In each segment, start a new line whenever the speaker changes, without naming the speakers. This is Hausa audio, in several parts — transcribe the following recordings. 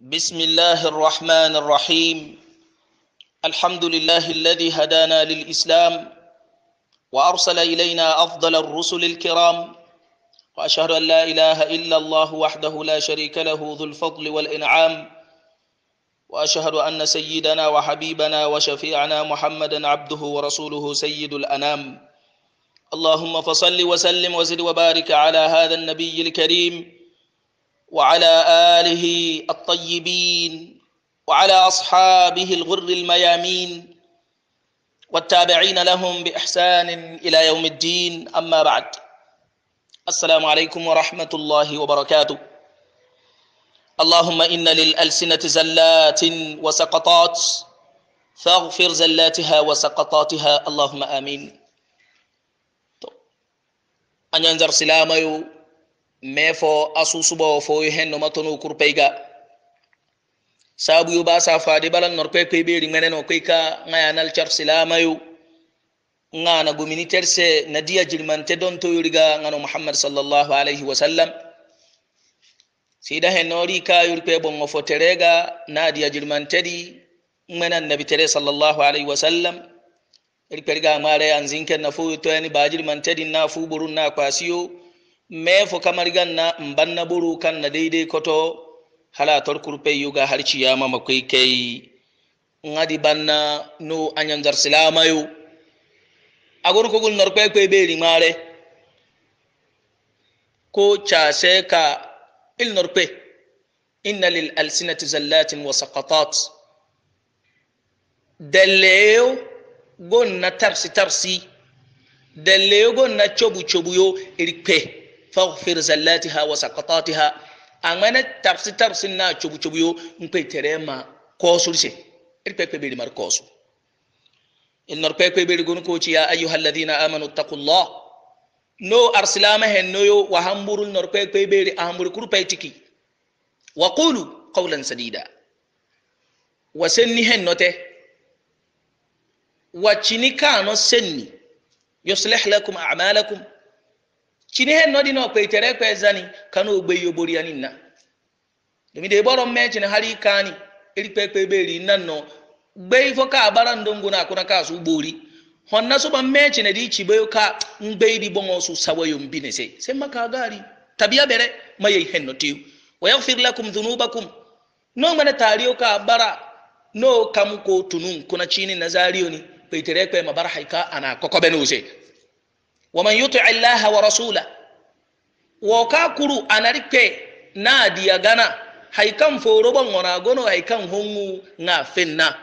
بسم الله الرحمن الرحيم الحمد لله الذي هدانا للإسلام وأرسل إلينا أفضل الرسل الكرام وأشهد أن لا إله إلا الله وحده لا شريك له ذو الفضل والإنعام وأشهد أن سيدنا وحبيبنا وشفيعنا محمدا عبده ورسوله سيد الأنام اللهم فصل وسلم وزد وبارك على هذا النبي الكريم وعلى آله الطيبين وعلى أصحابه الغر الميامين والتابعين لهم بإحسان إلى يوم الدين أما بعد السلام عليكم ورحمة الله وبركاته اللهم إن للألسنة زلات وسقطات فاغفر زلاتها وسقطاتها اللهم آمين أن ينظر سلامه me fo asusubawo foyo henno matonu kurpeyga sabu ba sa fade balan nor kwe be beri ngene no kwe ngaya nal char silama yu ngana gumini se nadia te don to yuriga ngano muhammad sallallahu alaihi wasallam sida hen nori ka bon bongo terega nadia te di menan nabi tere sallallahu alaihi wasallam perga mare anzinken na fu to yani te di na fu burun na kwasiyo mefo kamar ganna mban na buru kan na daidai koto halatar kurpe yuga har ciyama makwai kai ngadi banna no anyan zar silamayo agur kugul nar kwe kwe beri mare ko chase ka il nar kwe inna lil alsinati zallatin wa saqatat dalleyo gonna tarsi tarsi dalleyo gonna chobu chobu yo irkwe faghfir zallatiha wa saqatatiha angana tabsi tabsi na chubu chubu yo mpe terema kosu lise irpe pe beri mar kosu in nar pe pe beri gun ko ci ya ayyuhalladhina amanu taqullah no arsilama hen no yo wa hamburul nar pe pe beri ahambur kur pe tiki wa qulu qawlan sadida wa sanni hen note wa chini kano senni yuslih lakum a'malakum chini he no dino no kwe tere kwe zani kana ogbe yobori ya ninna demi de boro me chini hali kani eri kwe kwe be ri nanno ifo ka abara ndongo na akuna ka su gbori honna so ba me chini di chibe ka ngbe di bongo su sawo yombi ne se se maka gari tabiya bere maye henno tiu wa yaghfir lakum dhunubakum no ngana tariyo ka abara no kamuko ko tunun kuna chini nazariyo ni kwe tere kwe mabara haika ana kokobe no se waman yuti illaha wa rasula woka kuru anarpe na diya gana haikan foroban wana gono haikan hongu nga finna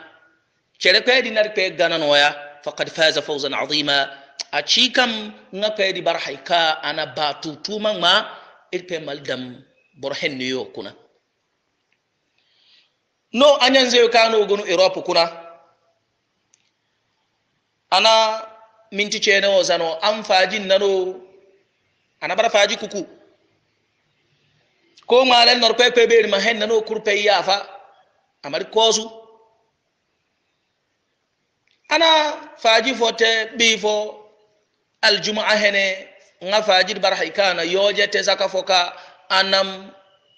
cere kwedi narpe gana noya faqad faza fawzan azima a cikam nga kwedi bar ana batu tuma ma dam maldam borhen ne yo kuna no anyan zai kano gono europe kuna ana minti ceenowo sano an faaji nano anabara faaji kuku ko ŋaalen nor pe peɓeeri ma hen nano kur pey yaafa amari koosu ana faaji fote ɓii fo aljuma hene ŋa faajir bar haykana yojete saka foka anam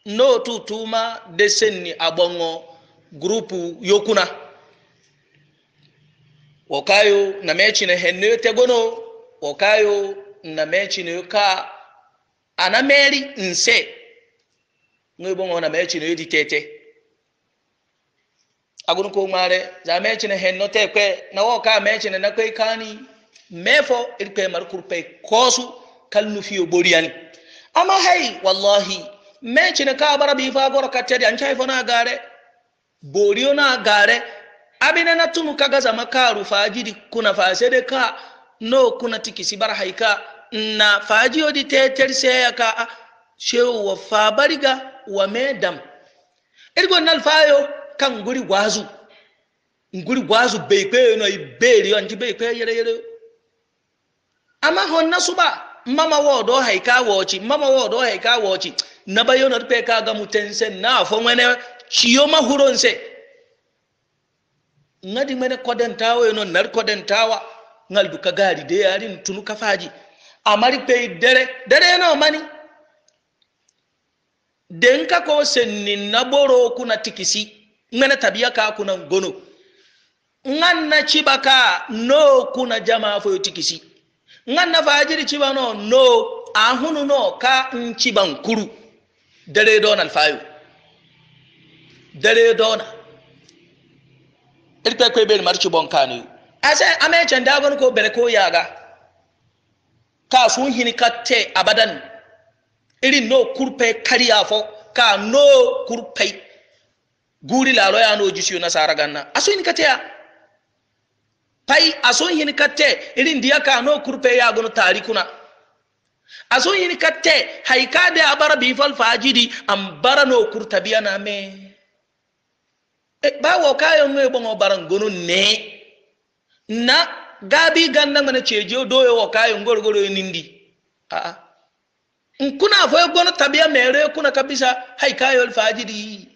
no tu tuma desenni aɓoŋo groupe yokuna wakayo na mechi na henne tegono wakayo na mechi na ka ana meri nse ngai bongo na mechi na yidi tete agun ko mare za mechi na henno te kwe na wo ka mechi na kwe kani mefo kwe mar kurpe kosu kalnu fiyo boriyan ama hay wallahi mechi na ka bara bi fa gor katte an chai fo na gare boriyo na gare abina na tunu kaga zama karu fajiri kuna fasede ka no kuna tikisi bar haika na fajiyo di teter seya ka shewo wa fabariga wa medam irgo nal fayo kan guri gwazu nguri gwazu bai kwe no iberi on ti bai kwe yere yere ama honna suba mama wodo haika wochi mama wodo haika wochi na bayo na pe ka ga mutense na fo mene huronse. mahuronse ngadi mene kodentawa yo non nar kodentawa ngal duka gari de yari tunu kafaji amari pe dere dere no mani denka ko senni na boro kuna tikisi mene tabiya ka kuna gono ngan na cibaka no kuna jama fo tikisi ngan na fajiri cibano no ahunu no ka nci bankuru dare donal fayo dare donal ilpe kwe bel marci bon kanu ase ame chen dagon ko bele ko yaga ka sun hini katte abadan iri no kurpe kariya afo ka no kurpe guri la loya no jisiyo na sara ganna aso hini katte ya pai aso hini katte iri diya ka no kurpe ya gono tarikuna aso hini katte haikade abara bifal fajidi ambara no kurtabiya na me E, bawo kayo me bon obaran gono ne na gabi ganda mana do doyo wa kayan gorgoro nindi a ah, a ah. in kuna fa gono tabiya mere kuna kabisa hay kayo fajidi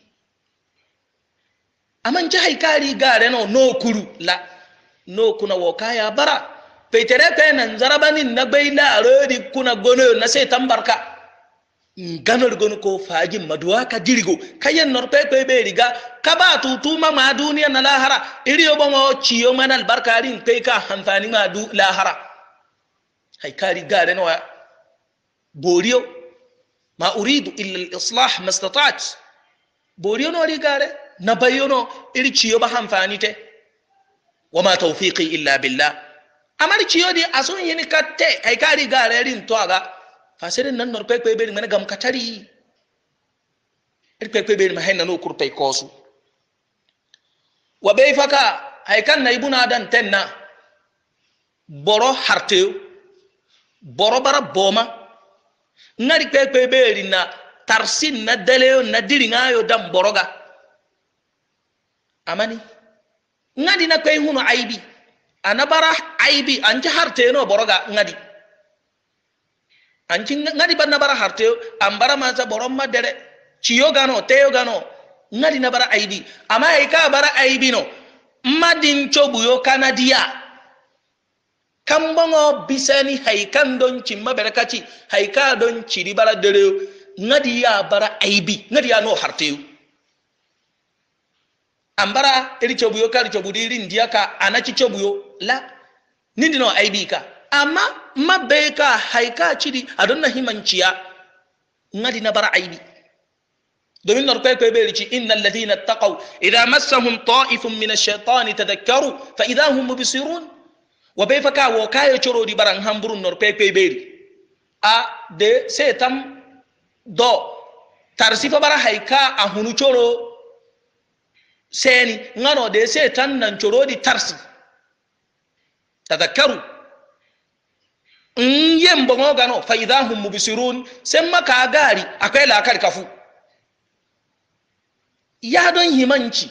aman ji hay kari gare no no kuru la no kuna wa kaya bara peitere pe nan zarabani na bai rodi kuna gono na sai tambarka Ganar gonu ko fagin maduwa ka dirigo kayan norte ko be riga ka ba tutu ma ma duniya na lahara iri yo bomo ciyo mana albarkari kai ka hanfani ma du lahara hay kari gare no boriyo ma uridu illa al islah ma boriyo no ri gare na bayono iri ciyo ba hanfani te wa ma tawfiqi illa billah amar ciyo di asun yini katte kai kari gare rin to aga hasirin nan nor kwekwe beri mana gam katari ir kwekwe beri mahay n'o kurtai kosu wa bai faka haikan na ibuna dan tenna boro harteo boro bara boma ngari kwekwe beri na tarsin na daleo na diringayo dam boroga amani ngadi na kwai hunu aibi anabara aibi anje no boroga ngadi anci ngadi bar nabara harte an bara mansa boron ma dere ciyo gano teyo gano ngadi bara aibi amma ay ka bara aibi no madin cobuyo kanadiya kan bongo bisani haikan don cimma berkaci haika don ciri bara dere ngadi ya bara aibi ngadi ya no harte an bara iri cobuyo kari cobudi iri ndiya ka anaci cobuyo la nindi no aibi ka amma mabbe ka haika chidi adon na himanciya ngadi na bar aibi domin nar kai kai bai ci innal ladina taqaw idza massahum ta'ifun min ash-shaytani tadhakkaru fa idza hum mubsirun wa bai faka wo kayo coro di baran hamburun nar kai kai bai a de setam do tarsifa bara haika a hunu coro seni ngano de setan nan coro di tarsi tadhakkaru nyen bongo gano fa mu mubsirun sai maka gari akwai lakar kafu ya don himanci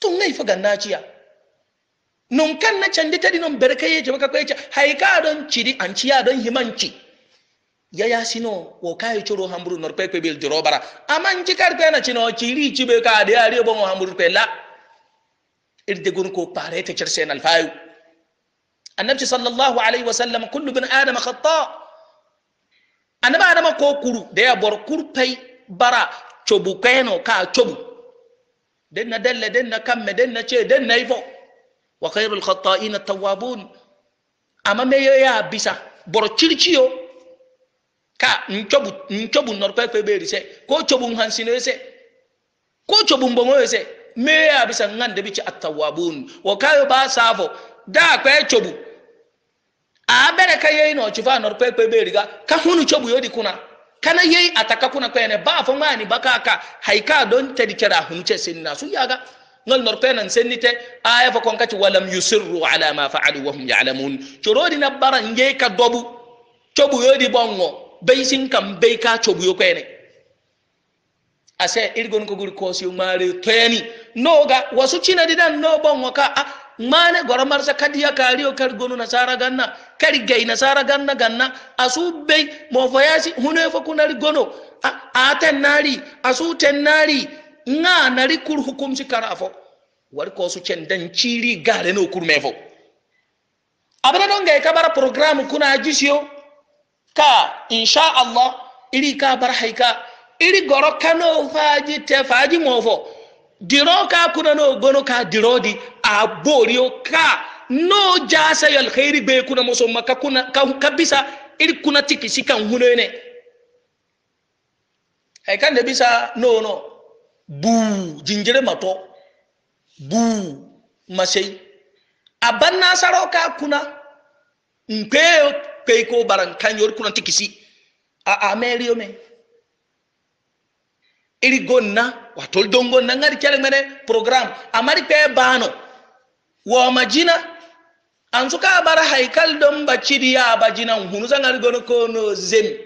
tun ngai fa gannaciya nun kan na candi tadi ka berkaye je maka kwaye haika don ciri an ciya don himanci ya ya sino wo yi choro hamburu nor pepe bil dirobara aman cikar pe na ri ciri cibe ka de are bongo hamburu pe la irde gun ko pare te cersen alfayu annabci sallallahu alaihi wasallam kullu bin adama khata annaba adama ko kuru da ya bor kurpai bara cobu kaino ka cobu den na dalle den na kamme den na ce den na ifo wa khairul khata'in at-tawwabun amma me ya bisa bor circiyo ka ncobu ncobu norpe pe beri se ko cobu hansine se ko cobu mbongo se me ya bisa ngande bici at-tawwabun wa kayo ba savo Da kpɛ chobu a bɛrɛ ka yei nɔ chufa nɔ kpɛ kpɛ bɛ riga ka hunu chobu yodi kuna kana yei ataka kuna kpɛ ne ba fɔ mani baka ka haika don tɛdi kɛra a hunu cɛ sen na su yaga ngal nor penan sennite aya fa kon kati walam yusirru ala ma fa'alu wa hum ya'lamun chorodi na bara nge ka dobu chobu yodi bongo beisin kam beika chobu yo kwene ase irgon ko guri kosi mare toyani noga wasu china didan no bongo ka a ah, mane goramar sa kadiya kariyo kar gonu nasara ganna kar gay nasara ganna ganna asube mo fayasi hune fa kunari gono A aten nari asu ten nari nga nari kur hukum si karafo wari ko su cendan ciri gare no kur mefo abana don gay kabara program kuna jisio ka insha Allah iri ka bar haika iri goro kano faji te faji mofo diro ka kuna no gono ka dirodi a boriyo ka no jasa yal khairi be kuna musumma ka kuna ka bisa iri kuna tiki sikan hunoyne hay kan de bisa no no bu jinjire mato bu masai aban nasaro ka kuna nkeyo kai ko baran kan yor kuna tikisi a ameriyo me iri gonna watol dongo nangari kele mene program amari pe bano majina an suka bar haikal don bacidi ba bajinan hunu zangar ko kono zem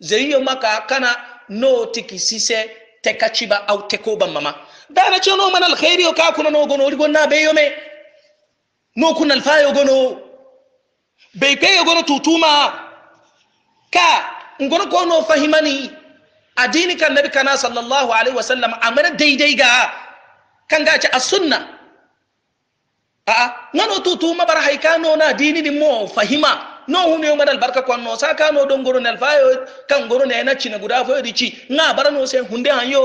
yi maka kana no tiki sise kaci ba au da na ce no man alkhairi ka kuna no gono rigon na bayo me no kuna alfayo gono bai kai gono tutuma ka ngono no fahimani adini kan nabi kana sallallahu alaihi wasallam amana daidai ga kan gaci as-sunnah aa ngano tutuma bara hay kano na dini ni mo fahima no hune ma dal barka kwanno sa kano don goro nal fayo kan goro ne na cina guda fayo di ci na bara no sen hunde han yo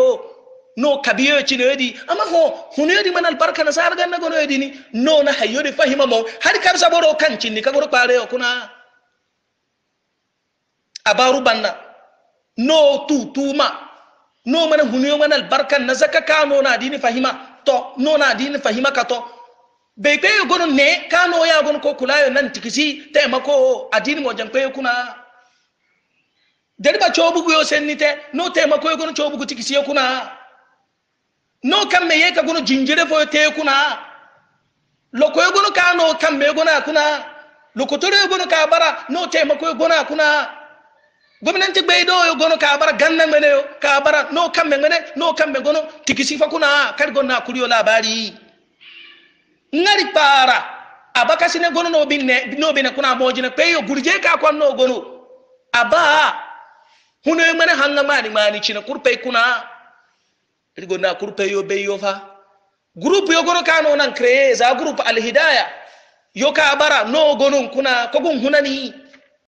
no kabiyo ci no yedi amma ho hune yedi manal barka na sar ganna gono di ni no na hayyo di fahima mo har kar saboro kan cinni ka goro pare yo kuna abaru banna no tutuma no mana hune manal barka na zaka kano na dini fahima to no na dini fahima ka to bai kwe gunun ne kano ya gun ko yi nan tikisi taimako addini wajen jan kwe kuna derba cobugu yo sennite no taimako yo gun cobugu tikisi ya kuna no kan me ka gun jinjire fo yi kuna loko yo gun kano kan me guna kuna lokotore yo gun ka bara no mako yi guna kuna gwamnati gbe do yo gun ka bara gannan mene yo ka bara no kan me mene no kan me gun tikisi fa kuna kar gonna kuriyo labari ngari kpara abaka sine gono no binne no bine kuna mojine peyo gurje ka kwa no gono aba huno e mane hanga mani mani chine kurpe kuna rigo na kurpe yo be yo fa group yo gono n'o nan cree za group al hidayah yo ka bara no gono kuna huna ni.